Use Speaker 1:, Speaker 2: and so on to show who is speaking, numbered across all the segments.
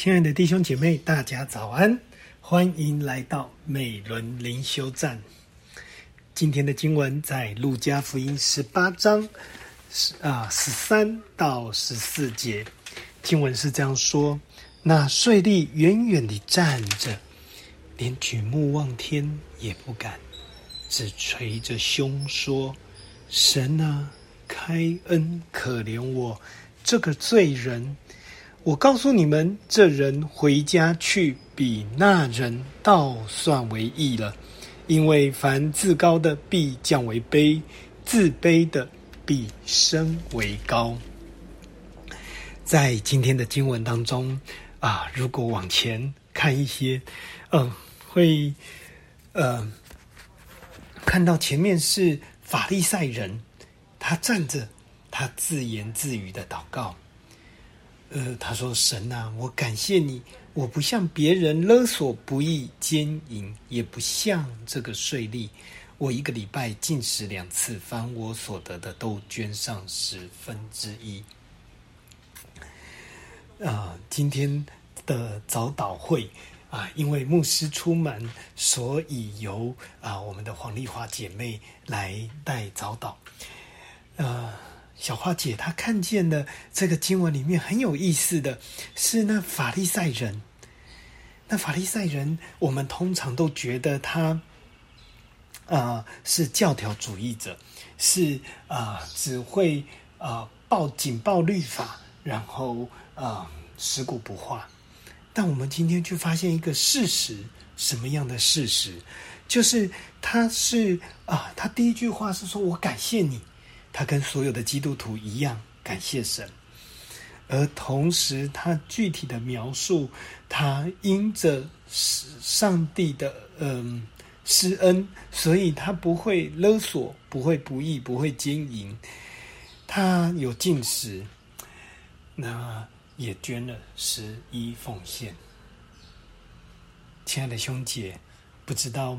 Speaker 1: 親愛的弟兄姐妹，大家早安，歡迎來到美倫靈修站。今天的經文在《路加福音》十八章十啊十三到十四節，經文是這樣說：那稅吏遠遠的站着，連舉目望天也不敢，只捶着胸說：“神啊，開恩可憐我這個罪人。”我告訴你們，這人回家去，比那人倒算為義了，因為凡自高的必降為卑，自卑的必升為高。在今天的經文當中，啊，如果往前看一些，嗯、呃，會，呃，看到前面是法利賽人，他站着，他自言自語的禱告。呃，他說：“神吶、啊，我感謝你，我不像別人勒索不義奸淫，也不像這個稅吏。我一個禮拜禁食兩次，凡我所得的都捐上十分之一。呃”啊，今天的早禱會啊、呃，因為牧師出門，所以由啊、呃、我們的黃麗華姐妹來帶早禱。呃小花姐，她看見的這個經文裡面很有意思的，是那法利賽人。那法利賽人，我們通常都覺得他啊是教條主義者，是啊只會啊抱緊抱律法，然後啊食古不化。但我們今天卻發現一個事實，什麼樣的事實？就是他是啊，他第一句話是說我感謝你。他跟所有的基督徒一樣感謝神，而同時他具體的描述，他因着上上帝的嗯、呃、施恩，所以他不會勒索，不會不義，不會姦淫，他有進食，那也捐了十一奉獻。親愛的兄姐，不知道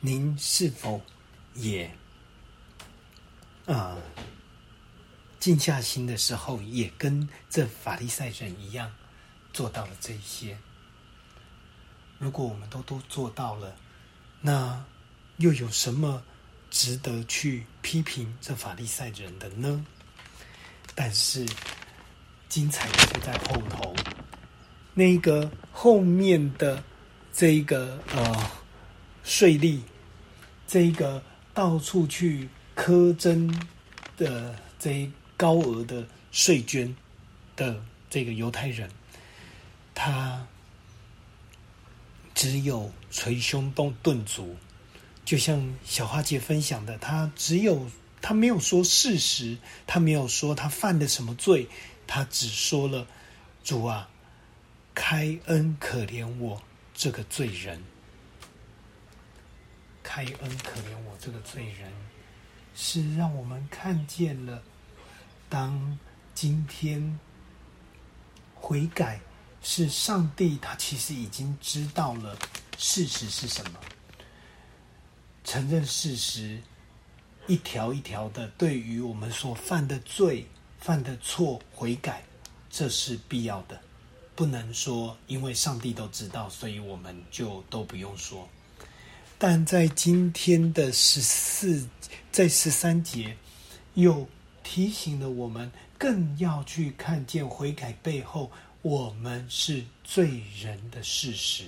Speaker 1: 您是否也？啊，靜下心的時候，也跟這法利賽人一樣做到了這些。如果我們都都做到了，那又有什麼值得去批評這法利賽人的呢？但是，精彩的就在後頭。那個後面的這一個呃，稅吏，這一個到處去。苛徵的這高額的稅捐的這個猶太人，他只有捶胸動頓足，就像小花姐分享的，他只有他沒有說事實，他沒有說他犯了什麼罪，他只說了：“主啊，開恩可憐我這個罪人，開恩可憐我這個罪人。”是讓我們看見了，當今天悔改，是上帝他其實已經知道了事實是什麼，承認事實，一條一條的對於我們所犯的罪、犯的錯悔改，這是必要的，不能說因為上帝都知道，所以我們就都不用說。但在今天的十四，在十三節，又提醒了我們，更要去看見悔改背後我們是罪人的事實。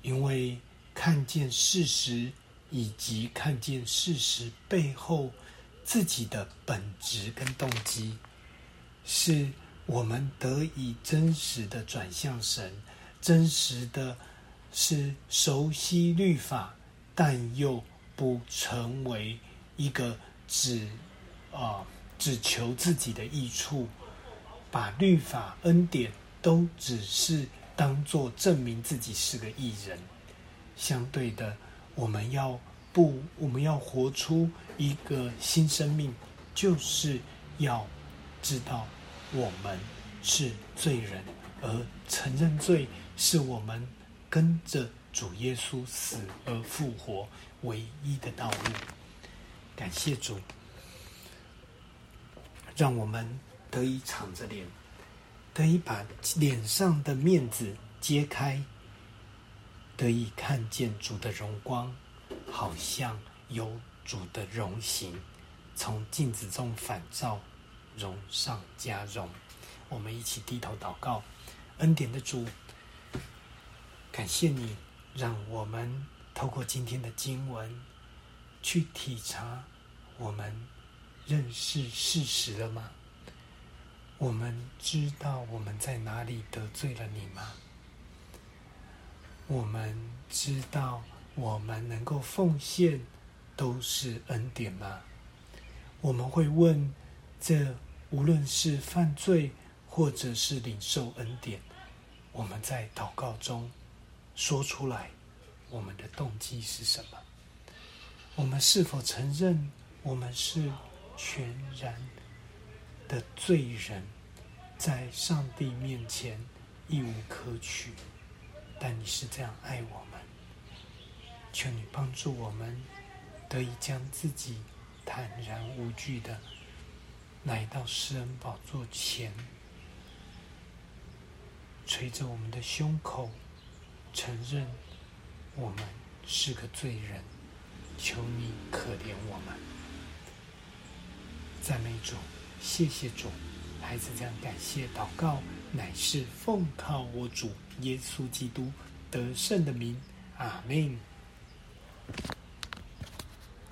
Speaker 1: 因為看見事實，以及看見事實背後自己的本質跟動機，是我們得以真實的轉向神，真實的。是熟悉律法，但又不成為一個只啊、呃、只求自己的益處，把律法恩典都只是當做證明自己是個義人。相對的，我們要不我們要活出一個新生命，就是要知道我們是罪人，而承認罪是我們。跟着主耶穌死而復活唯一的道路，感謝主，讓我們得以敞着臉，得以把臉上的面子揭開，得以看見主的榮光，好像有主的榮形從鏡子中反照，榮上加榮。我們一起低頭禱告，恩典的主。感謝你，讓我們透過今天的經文去體察：我們認識事實了嗎？我們知道我們在哪裡得罪了你嗎？我們知道我們能夠奉獻都是恩典嗎？我們會問：這無論是犯罪，或者是領受恩典，我們在禱告中。說出來，我們的動機是什麼？我們是否承認我們是全然的罪人，在上帝面前一無可取？但你是這樣愛我們，求你幫助我們得以將自己坦然無懼地來到施恩寶座前，捶着我們的胸口。承認我們是個罪人，求你可憐我們。讚美主，謝謝主，孩子將感謝禱告，乃是奉靠我主耶穌基督得勝的名，阿門。